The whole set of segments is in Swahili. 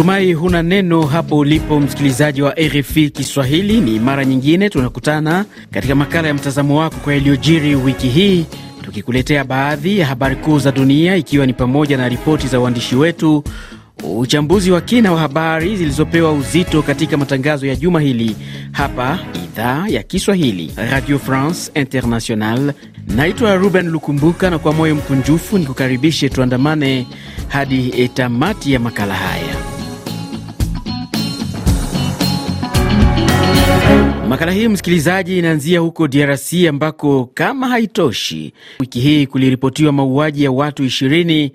Natumai huna neno hapo ulipo msikilizaji wa RFI Kiswahili. Ni mara nyingine tunakutana katika makala ya mtazamo wako kwa yaliyojiri wiki hii, tukikuletea baadhi ya habari kuu za dunia, ikiwa ni pamoja na ripoti za uandishi wetu, uchambuzi wa kina wa habari zilizopewa uzito katika matangazo ya juma hili hapa idhaa ya Kiswahili Radio France International. Naitwa Ruben Lukumbuka na kwa moyo mkunjufu ni kukaribishe tuandamane hadi tamati ya makala haya. Makala hii msikilizaji, inaanzia huko DRC ambako kama haitoshi, wiki hii kuliripotiwa mauaji ya watu 20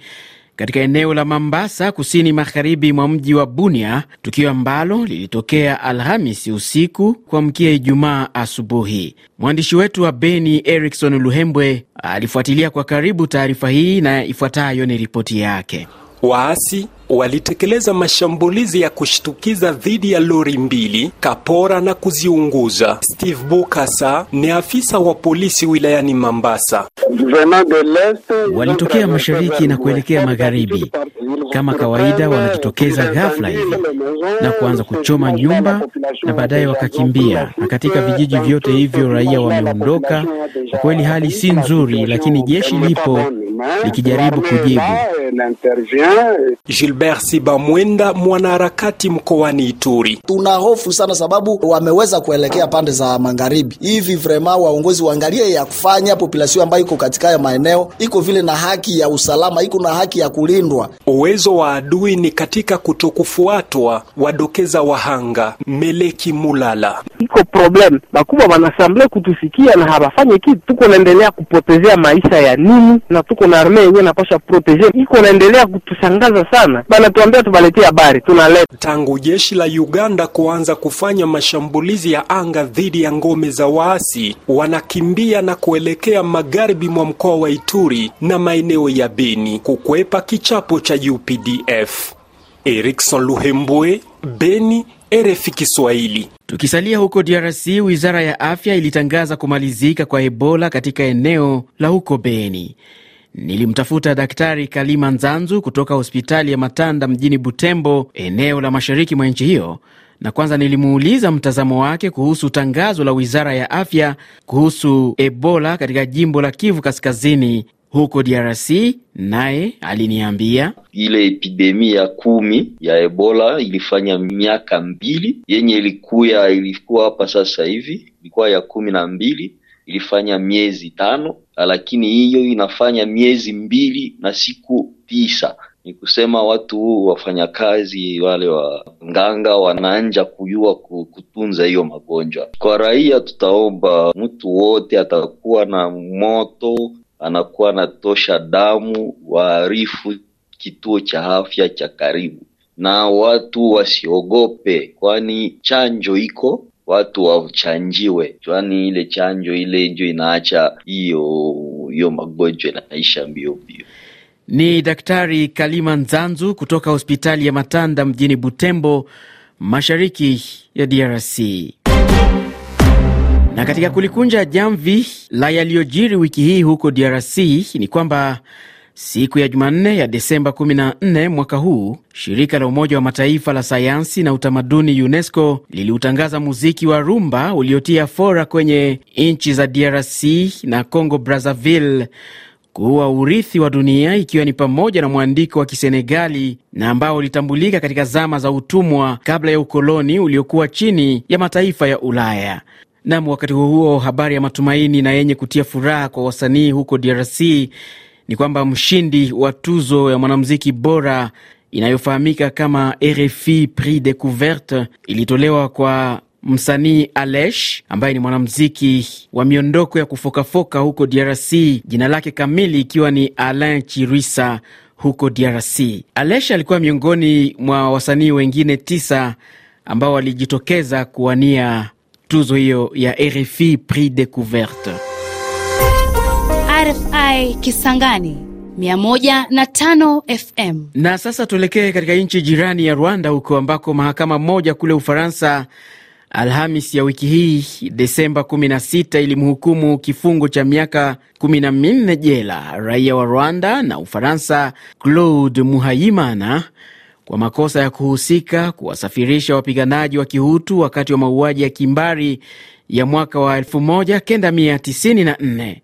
katika eneo la Mambasa, kusini magharibi mwa mji wa Bunia, tukio ambalo lilitokea Alhamisi usiku kuamkia Ijumaa asubuhi. Mwandishi wetu wa Beni, Erikson Luhembwe, alifuatilia kwa karibu taarifa hii na ifuatayo ni ripoti yake. Waasi walitekeleza mashambulizi ya kushtukiza dhidi ya lori mbili kapora na kuziunguza. Steve Bukasa ni afisa wa polisi wilayani Mambasa. Walitokea mashariki na kuelekea magharibi, kama kawaida wanajitokeza ghafla hivi na kuanza kuchoma nyumba na baadaye wakakimbia, na katika vijiji vyote hivyo raia wameondoka. Kwa kweli hali si nzuri, lakini jeshi lipo likijaribu kujibu. Gilbert Sibamwenda, mwanaharakati mkoani Ituri: tuna hofu sana sababu wameweza kuelekea pande za magharibi hivi. Vrema waongozi waangalie ya kufanya, populasio ambayo iko katika ya maeneo iko vile na haki ya usalama, iko na haki ya kulindwa. Uwezo wa adui ni katika kutokufuatwa, wadokeza wahanga Meleki Mulala: iko problem makubwa, wanasamble kutusikia na hawafanye kitu, tuko naendelea kupotezea maisha ya nini na tuko iko na arme yenyewe inapaswa proteje, iko naendelea kutusangaza sana. Banatuambia tubaletie habari, tunaleta. Tangu jeshi la Uganda kuanza kufanya mashambulizi ya anga dhidi ya ngome za waasi, wanakimbia na kuelekea magharibi mwa mkoa wa Ituri na maeneo ya Beni kukwepa kichapo cha UPDF. Erikson Luhembwe, Beni, RFI Kiswahili. Tukisalia huko DRC, wizara ya afya ilitangaza kumalizika kwa Ebola katika eneo la huko Beni. Nilimtafuta Daktari Kalima Nzanzu kutoka hospitali ya Matanda mjini Butembo, eneo la mashariki mwa nchi hiyo, na kwanza nilimuuliza mtazamo wake kuhusu tangazo la wizara ya afya kuhusu Ebola katika jimbo la Kivu Kaskazini huko DRC. Naye aliniambia ile epidemi ya kumi ya Ebola ilifanya miaka mbili, yenye ilikuya ilikuwa hapa sasa hivi ilikuwa ya kumi na mbili, ilifanya miezi tano Ah, lakini hiyo inafanya miezi mbili na siku tisa. Ni kusema watu wafanyakazi wale wa nganga wanaanja kujua kutunza hiyo magonjwa. Kwa raia, tutaomba mtu wote atakuwa na moto anakuwa anatosha damu, waarifu kituo cha afya cha karibu, na watu wasiogope, kwani chanjo iko watu wachanjiwe, kwani ile chanjo ile ndio inaacha hiyo hiyo magonjwa inaisha mbio mbio. Ni Daktari Kalima Nzanzu kutoka hospitali ya Matanda mjini Butembo, mashariki ya DRC. Na katika kulikunja jamvi la yaliyojiri wiki hii huko DRC ni kwamba Siku ya Jumanne ya Desemba 14 mwaka huu, shirika la Umoja wa Mataifa la sayansi na utamaduni UNESCO liliutangaza muziki wa rumba uliotia fora kwenye nchi za DRC na Congo Brazzaville kuwa urithi wa dunia, ikiwa ni pamoja na mwandiko wa Kisenegali na ambao ulitambulika katika zama za utumwa kabla ya ukoloni uliokuwa chini ya mataifa ya Ulaya. Nam, wakati huo huo, habari ya matumaini na yenye kutia furaha kwa wasanii huko DRC ni kwamba mshindi wa tuzo ya mwanamuziki bora inayofahamika kama RFI Prix Decouverte ilitolewa kwa msanii Alesh ambaye ni mwanamuziki wa miondoko ya kufokafoka huko DRC, jina lake kamili ikiwa ni Alain Chirwisa huko DRC. Alesh alikuwa miongoni mwa wasanii wengine tisa ambao walijitokeza kuwania tuzo hiyo ya RFI Prix Decouverte. RFI Kisangani 105 FM. Na sasa tuelekee katika nchi jirani ya Rwanda, huko ambako mahakama moja kule Ufaransa Alhamis ya wiki hii Desemba 16 ilimhukumu kifungo cha miaka 14 jela raia wa Rwanda na Ufaransa Claude Muhayimana kwa makosa ya kuhusika kuwasafirisha wapiganaji wa Kihutu wakati wa mauaji ya kimbari ya mwaka wa 1994.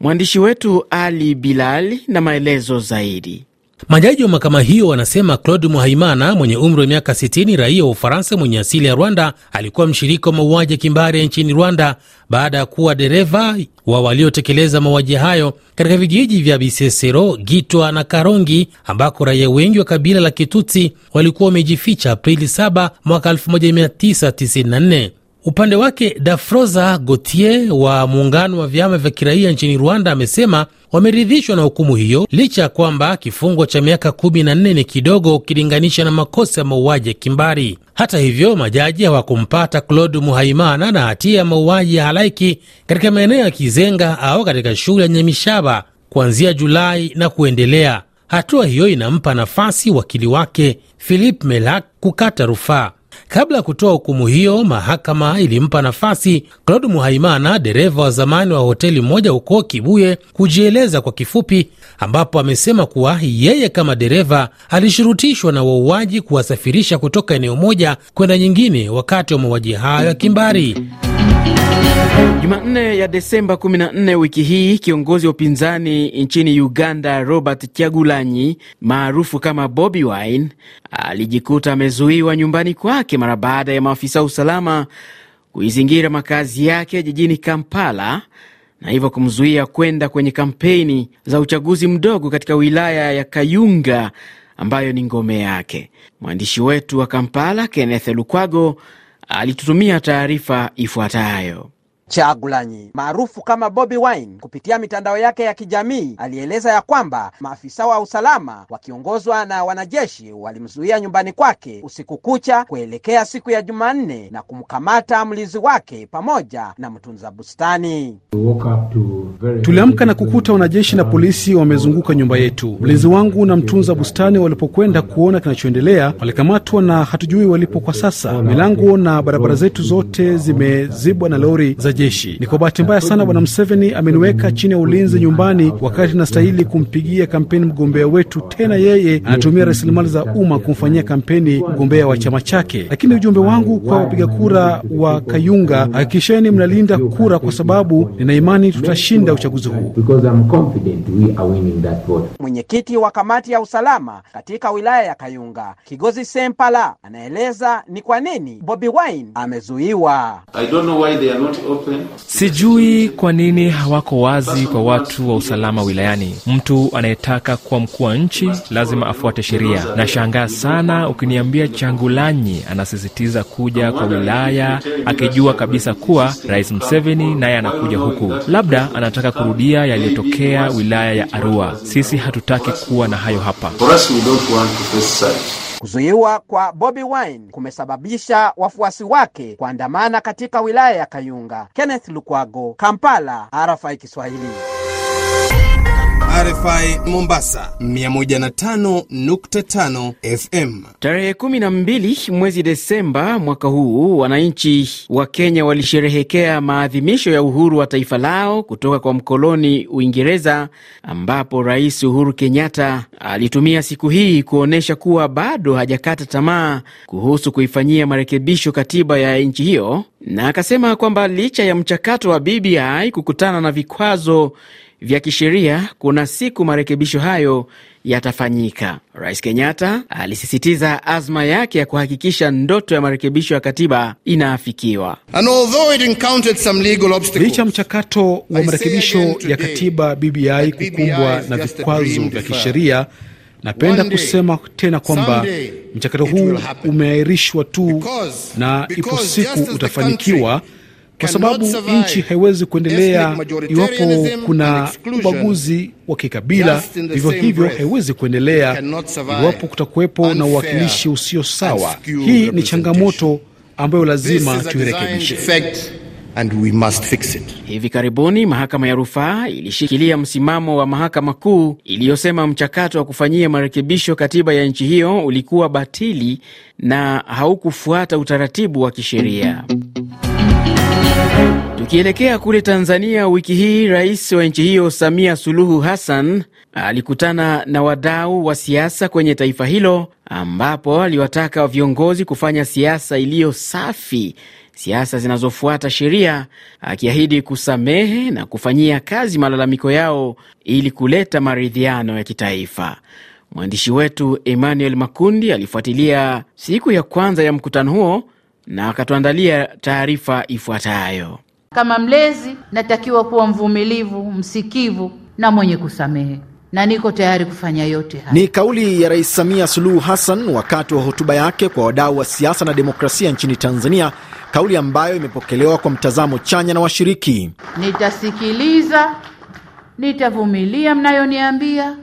Mwandishi wetu Ali Bilali na maelezo zaidi. Majaji wa mahakama hiyo wanasema Claude Muhaimana mwenye umri wa miaka 60, raia wa Ufaransa mwenye asili ya Rwanda, alikuwa mshiriki wa mauaji ya kimbari nchini Rwanda baada ya kuwa dereva wa waliotekeleza mauaji hayo katika vijiji vya Bisesero, Gitwa na Karongi ambako raia wengi wa kabila la Kitutsi walikuwa wamejificha Aprili 7 mwaka 1994. Upande wake Dafroza Gotier wa muungano wa vyama vya kiraia nchini Rwanda amesema wameridhishwa na hukumu hiyo licha ya kwamba kifungo cha miaka kumi na nne ni kidogo ukilinganisha na makosa ya mauaji ya kimbari. Hata hivyo, majaji hawakumpata Claude Muhaimana na hatia ya mauaji ya halaiki katika maeneo ya Kizenga au katika shule ya Nyamishaba kuanzia Julai na kuendelea. Hatua hiyo inampa nafasi wakili wake Philip Melak kukata rufaa. Kabla ya kutoa hukumu hiyo, mahakama ilimpa nafasi Claude Muhaimana, dereva wa zamani wa hoteli moja huko Kibuye, kujieleza kwa kifupi, ambapo amesema kuwa yeye kama dereva alishurutishwa na wauaji kuwasafirisha kutoka eneo moja kwenda nyingine wakati wa mauaji hayo ya kimbari. Jumanne ya Desemba 14 wiki hii, kiongozi wa upinzani nchini Uganda Robert Kyagulanyi maarufu kama Bobi Wine alijikuta amezuiwa nyumbani kwake mara baada ya maafisa usalama kuizingira makazi yake jijini Kampala na hivyo kumzuia kwenda kwenye kampeni za uchaguzi mdogo katika wilaya ya Kayunga ambayo ni ngome yake. Mwandishi wetu wa Kampala Kenneth Lukwago alitutumia taarifa ifuatayo. Chagulanyi maarufu kama Bobi Wine kupitia mitandao yake ya kijamii alieleza ya kwamba maafisa wa usalama wakiongozwa na wanajeshi walimzuia nyumbani kwake usiku kucha kuelekea siku ya Jumanne na kumkamata mlinzi wake pamoja na mtunza bustani. Tuliamka na kukuta wanajeshi na polisi wamezunguka nyumba yetu. Mlinzi wangu na mtunza bustani walipokwenda kuona kinachoendelea walikamatwa na hatujui walipo kwa sasa. Milango na barabara zetu zote zimezibwa na lori za jeshi. Ni kwa bahati mbaya sana, bwana mseveni ameniweka chini ya ulinzi nyumbani wakati nastahili kumpigia kampeni mgombea wetu, tena yeye anatumia rasilimali za umma kumfanyia kampeni mgombea wa chama chake. Lakini ujumbe wangu kwa wapiga kura wa Kayunga, hakikisheni mnalinda kura, kwa sababu nina imani tutashinda uchaguzi huu. Mwenyekiti wa kamati ya usalama katika wilaya ya Kayunga, Kigozi Sempala, anaeleza ni kwa nini Bobi Wine amezuiwa. I don't know why they are not Sijui kwa nini hawako wazi kwa watu wa usalama wilayani. Mtu anayetaka kuwa mkuu wa nchi lazima afuate sheria. Nashangaa sana ukiniambia Changulanyi anasisitiza kuja kwa wilaya akijua kabisa kuwa Rais Mseveni naye anakuja huku. Labda anataka kurudia yaliyotokea wilaya ya Arua. Sisi hatutaki kuwa na hayo hapa. Kuzuiwa kwa Bobi Wine kumesababisha wafuasi wake kuandamana katika wilaya ya Kayunga. Kenneth Lukwago, Kampala, RFI Kiswahili. RFI Mombasa 105.5 FM. Tarehe 12 mwezi Desemba mwaka huu, wananchi wa Kenya walisherehekea maadhimisho ya uhuru wa taifa lao kutoka kwa mkoloni Uingereza, ambapo Rais Uhuru Kenyatta alitumia siku hii kuonyesha kuwa bado hajakata tamaa kuhusu kuifanyia marekebisho katiba ya nchi hiyo, na akasema kwamba licha ya mchakato wa BBI kukutana na vikwazo vya kisheria, kuna siku marekebisho hayo yatafanyika. Rais Kenyatta alisisitiza azma yake ya kuhakikisha ndoto ya marekebisho ya katiba inaafikiwa. Licha mchakato wa marekebisho ya katiba BBI kukumbwa na vikwazo vya kisheria, napenda kusema tena kwamba mchakato huu umeahirishwa tu, na ipo siku utafanikiwa kwa sababu nchi haiwezi kuendelea iwapo kuna ubaguzi wa kikabila. Vivyo hivyo haiwezi kuendelea iwapo kutakuwepo na uwakilishi usio sawa. Hii ni changamoto ambayo lazima tuirekebishe. And we must fix it. Hivi karibuni mahakama ya rufaa ilishikilia msimamo wa mahakama kuu iliyosema mchakato wa kufanyia marekebisho katiba ya nchi hiyo ulikuwa batili na haukufuata utaratibu wa kisheria. Tukielekea kule Tanzania, wiki hii rais wa nchi hiyo Samia Suluhu Hassan alikutana na wadau wa siasa kwenye taifa hilo, ambapo aliwataka viongozi kufanya siasa iliyo safi, siasa zinazofuata sheria, akiahidi kusamehe na kufanyia kazi malalamiko yao ili kuleta maridhiano ya kitaifa. Mwandishi wetu Emmanuel Makundi alifuatilia siku ya kwanza ya mkutano huo na akatuandalia taarifa ifuatayo. Kama mlezi, natakiwa kuwa mvumilivu, msikivu na mwenye kusamehe na niko tayari kufanya yote haya. Ni kauli ya Rais Samia Suluhu Hassan wakati wa hotuba yake kwa wadau wa siasa na demokrasia nchini Tanzania, kauli ambayo imepokelewa kwa mtazamo chanya na washiriki. Nitasikiliza, nitavumilia mnayoniambia,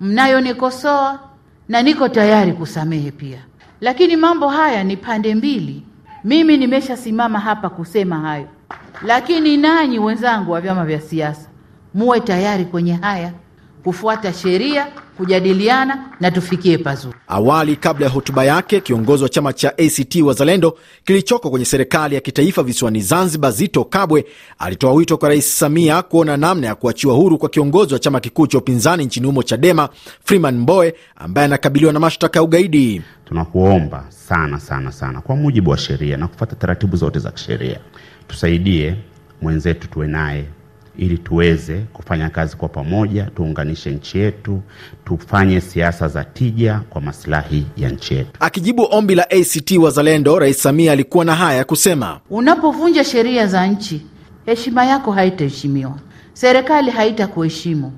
mnayonikosoa, na niko tayari kusamehe pia. Lakini mambo haya ni pande mbili, mimi nimeshasimama hapa kusema hayo, lakini nanyi wenzangu wa vyama vya siasa muwe tayari kwenye haya kufuata sheria, kujadiliana na tufikie pazuri. Awali, kabla ya hotuba yake, kiongozi wa chama cha ACT Wazalendo kilichoko kwenye serikali ya kitaifa visiwani Zanzibar, Zito Kabwe, alitoa wito kwa Rais Samia kuona namna ya kuachiwa huru kwa kiongozi wa chama kikuu cha upinzani nchini humo Chadema, Freeman Mbowe, ambaye anakabiliwa na mashtaka ya ugaidi. Tunakuomba sana sana sana, kwa mujibu wa sheria na kufuata taratibu zote za kisheria, tusaidie mwenzetu, tuwe naye ili tuweze kufanya kazi kwa pamoja, tuunganishe nchi yetu, tufanye siasa za tija kwa maslahi ya nchi yetu. Akijibu ombi la ACT Wazalendo, Rais Samia alikuwa na haya ya kusema: unapovunja sheria za nchi, heshima yako haitaheshimiwa, serikali haitakuheshimu,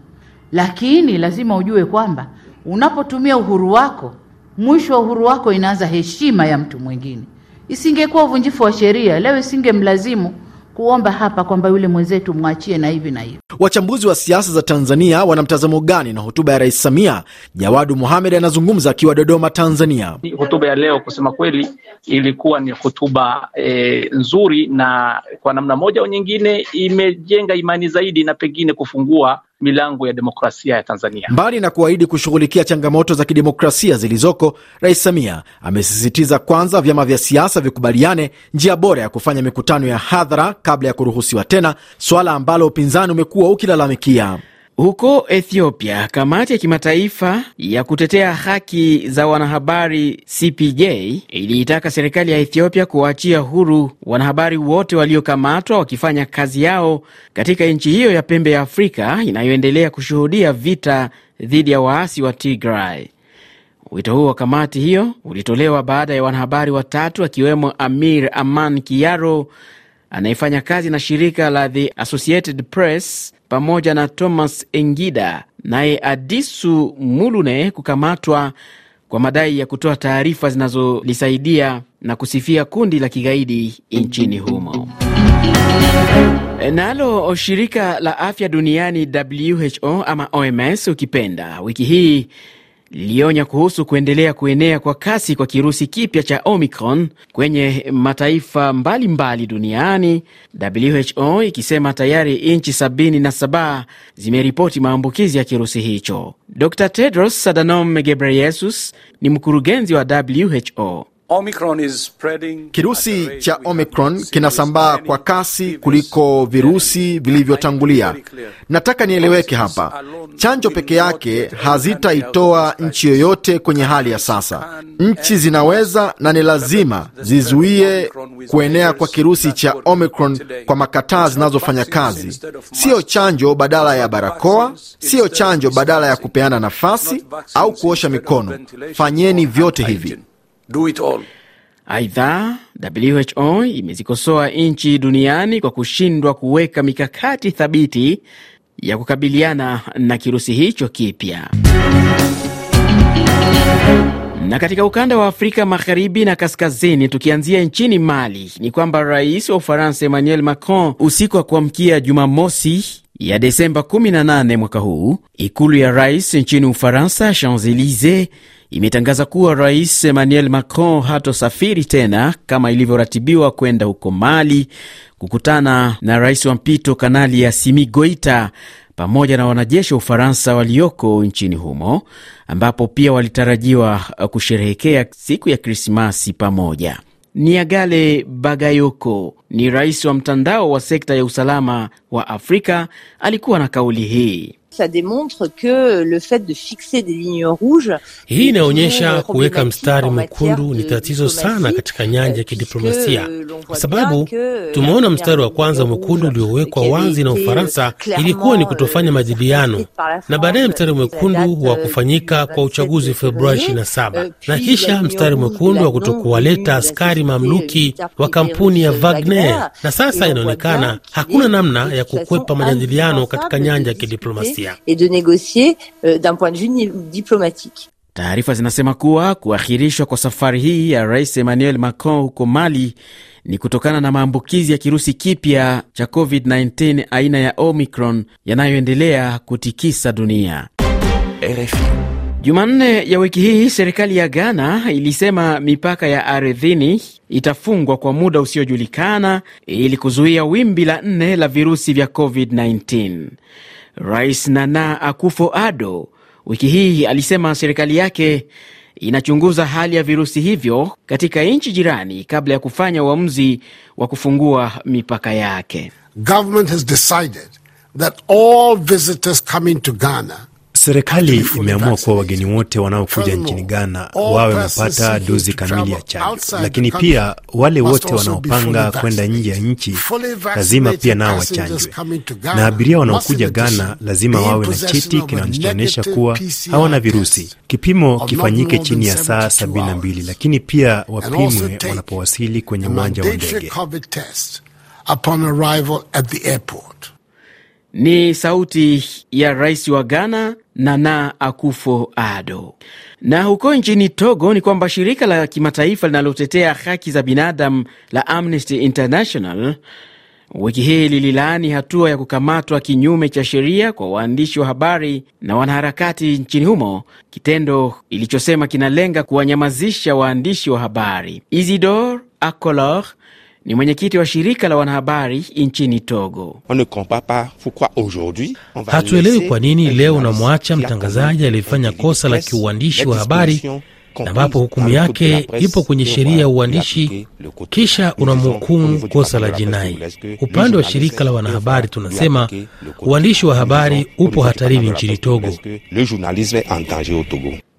lakini lazima ujue kwamba unapotumia uhuru wako, mwisho wa uhuru wako inaanza heshima ya mtu mwingine. Isingekuwa uvunjifu wa sheria, leo isingemlazimu kuomba hapa kwamba yule mwenzetu mwachie na hivi na hivi. Wachambuzi wa siasa za Tanzania wana mtazamo gani na hotuba ya Rais Samia? Jawadu muhamed anazungumza akiwa Dodoma, Tanzania. Hotuba ya leo kusema kweli ilikuwa ni hotuba e, nzuri na kwa namna moja au nyingine imejenga imani zaidi na pengine kufungua milango ya demokrasia ya Tanzania. Mbali na kuahidi kushughulikia changamoto za kidemokrasia zilizoko, Rais Samia amesisitiza kwanza vyama vya siasa vikubaliane njia bora ya kufanya mikutano ya hadhara kabla ya kuruhusiwa tena, swala ambalo upinzani umekuwa ukilalamikia. Huko Ethiopia, kamati ya kimataifa ya kutetea haki za wanahabari CPJ iliitaka serikali ya Ethiopia kuwaachia huru wanahabari wote waliokamatwa wakifanya kazi yao katika nchi hiyo ya pembe ya Afrika inayoendelea kushuhudia vita dhidi ya waasi wa Tigray. Wito huo wa kamati hiyo ulitolewa baada ya wanahabari watatu akiwemo Amir Aman Kiaro anayefanya kazi na shirika la The Associated Press pamoja na Thomas Engida naye Adisu Mulune kukamatwa kwa madai ya kutoa taarifa zinazolisaidia na kusifia kundi la kigaidi nchini humo. Nalo shirika la afya duniani WHO ama OMS ukipenda, wiki hii lilionya kuhusu kuendelea kuenea kwa kasi kwa kirusi kipya cha Omicron kwenye mataifa mbalimbali mbali duniani, WHO ikisema tayari nchi 77 zimeripoti maambukizi ya kirusi hicho. Dr Tedros Adhanom Ghebreyesus ni mkurugenzi wa WHO. Kirusi cha Omicron kinasambaa kwa kasi kuliko virusi vilivyotangulia. Nataka nieleweke hapa, chanjo peke yake hazitaitoa nchi yoyote kwenye hali ya sasa. Nchi zinaweza na ni lazima zizuie kuenea kwa kirusi cha Omicron kwa makataa zinazofanya kazi. Siyo chanjo badala ya barakoa, siyo chanjo badala ya kupeana nafasi au kuosha mikono. Fanyeni vyote hivi. Do it all. Aidha, WHO imezikosoa nchi duniani kwa kushindwa kuweka mikakati thabiti ya kukabiliana na kirusi hicho kipya. Na katika ukanda wa Afrika magharibi na kaskazini, tukianzia nchini Mali, ni kwamba rais wa Ufaransa Emmanuel Macron usiku wa kuamkia Jumamosi ya Desemba 18 mwaka huu, ikulu ya rais nchini Ufaransa, Champs-Elysees, imetangaza kuwa rais Emmanuel Macron hatosafiri tena kama ilivyoratibiwa kwenda huko Mali kukutana na rais wa mpito Kanali Assimi Goita pamoja na wanajeshi wa Ufaransa walioko nchini humo ambapo pia walitarajiwa kusherehekea siku ya Krismasi pamoja. Niagale Bagayoko ni rais wa mtandao wa sekta ya usalama wa Afrika, alikuwa na kauli hii. Ça démontre que le fait de fixer des lignes rouges. Hii inaonyesha kuweka mstari mwekundu ni tatizo sana katika nyanja euh, ya kidiplomasia, kwa sababu tumeona mstari wa kwanza mwekundu uliowekwa wazi na euh, Ufaransa ilikuwa ni euh, kutofanya majadiliano, na baadaye mstari mwekundu wa kufanyika kwa uchaguzi Februari 27 na kisha mstari mwekundu wa kutokuwaleta askari mamluki wa kampuni ya Wagner, na sasa inaonekana hakuna namna ya kukwepa majadiliano katika nyanja ya kidiplomasia et de négocier euh, d'un point de vue diplomatique. Taarifa zinasema kuwa kuahirishwa kwa safari hii ya Rais Emmanuel Macron huko Mali ni kutokana na maambukizi ya kirusi kipya cha COVID-19 aina ya Omicron yanayoendelea kutikisa dunia. RFI. Jumanne ya wiki hii serikali ya Ghana ilisema mipaka ya ardhini itafungwa kwa muda usiojulikana ili kuzuia wimbi la nne la virusi vya COVID-19. Rais Nana Akufo-Addo wiki hii alisema serikali yake inachunguza hali ya virusi hivyo katika nchi jirani kabla ya kufanya uamuzi wa kufungua mipaka yake. Government has decided that all visitors coming to Ghana Serikali imeamua kuwa wageni wote wanaokuja nchini Ghana wawe wamepata dozi kamili ya chanjo, lakini pia wale wote wanaopanga kwenda nje ya nchi lazima pia nao wachanjwe, na abiria wanaokuja Ghana lazima wawe na cheti kinachoonyesha kuwa hawana virusi. Kipimo kifanyike chini ya saa mbili, lakini pia wapimwe wanapowasili kwenye uwanja wa ndege. Ni sauti ya rais wa Ghana Nana akufo ado Na huko nchini Togo ni kwamba shirika la kimataifa linalotetea haki za binadamu la Amnesty International wiki hii lililaani hatua ya kukamatwa kinyume cha sheria kwa waandishi wa habari na wanaharakati nchini humo, kitendo ilichosema kinalenga kuwanyamazisha waandishi wa habari. Isidore Akolor ni mwenyekiti wa shirika la wanahabari nchini Togo. Hatuelewi kwa nini leo unamwacha mtangazaji aliyefanya kosa la kiuandishi wa habari ambapo hukumu yake ipo kwenye sheria ya uandishi, kisha unamhukumu kosa la jinai. Upande wa shirika la wanahabari tunasema uandishi wa habari upo hatarini nchini Togo.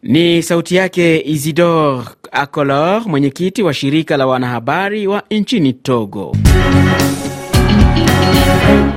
Ni sauti yake isidor Akolor, mwenyekiti wa shirika la wanahabari wa nchini Togo.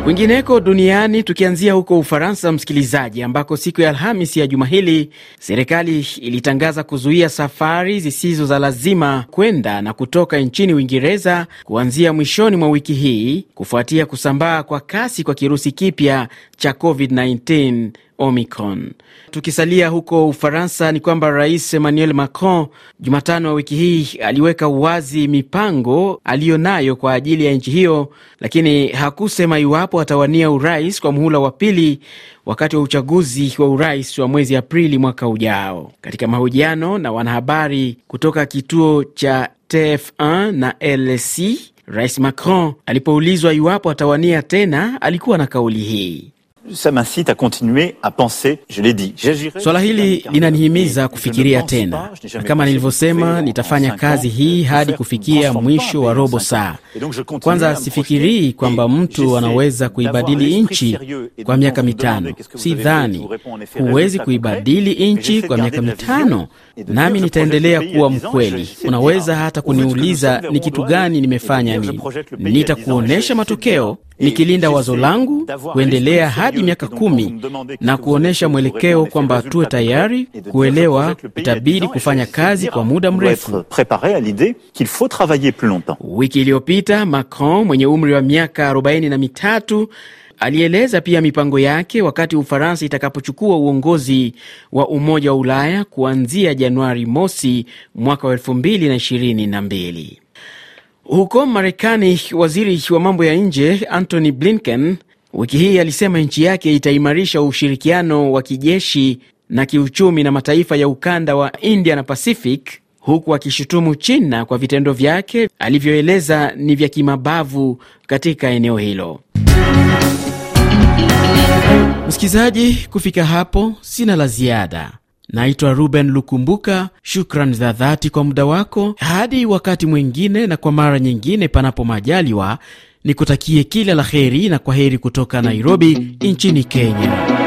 Kwingineko duniani, tukianzia huko Ufaransa, msikilizaji, ambako siku ya Alhamis ya juma hili serikali ilitangaza kuzuia safari zisizo za lazima kwenda na kutoka nchini Uingereza kuanzia mwishoni mwa wiki hii kufuatia kusambaa kwa kasi kwa kirusi kipya cha COVID-19 Omicron. Tukisalia huko Ufaransa, ni kwamba Rais Emmanuel Macron Jumatano wa wiki hii aliweka wazi mipango aliyonayo kwa ajili ya nchi hiyo, lakini hakusema iwapo atawania urais kwa muhula wa pili wakati wa uchaguzi wa urais wa mwezi Aprili mwaka ujao. Katika mahojiano na wanahabari kutoka kituo cha TF1 na LC, Rais Macron alipoulizwa iwapo atawania tena, alikuwa na kauli hii. Swala hili linanihimiza kufikiria tena, na kama nilivyosema, nitafanya kazi hii hadi kufikia mwisho wa robo saa. Kwanza, sifikirii kwamba mtu anaweza kuibadili nchi kwa miaka mitano, si dhani. Huwezi kuibadili nchi kwa miaka mitano, nami nitaendelea kuwa mkweli. Unaweza hata kuniuliza ni kitu gani nimefanya nini, nitakuonyesha matokeo nikilinda wazo langu kuendelea hadi miaka kumi na kuonyesha mwelekeo kwamba tuwe tayari kuelewa itabidi kufanya kazi kwa muda mrefu. Wiki iliyopita Macron mwenye umri wa miaka 4 na mitatu alieleza pia mipango yake wakati Ufaransa itakapochukua uongozi wa Umoja wa Ulaya kuanzia Januari mosi mwaka wa huko Marekani, waziri wa mambo ya nje Antony Blinken wiki hii alisema nchi yake itaimarisha ushirikiano wa kijeshi na kiuchumi na mataifa ya ukanda wa India na Pacific, huku akishutumu China kwa vitendo vyake alivyoeleza ni vya kimabavu katika eneo hilo. Msikilizaji, kufika hapo sina la ziada. Naitwa Ruben Lukumbuka. Shukran za dhati kwa muda wako. Hadi wakati mwingine, na kwa mara nyingine, panapo majaliwa, nikutakie kila la heri na kwa heri kutoka Nairobi nchini Kenya.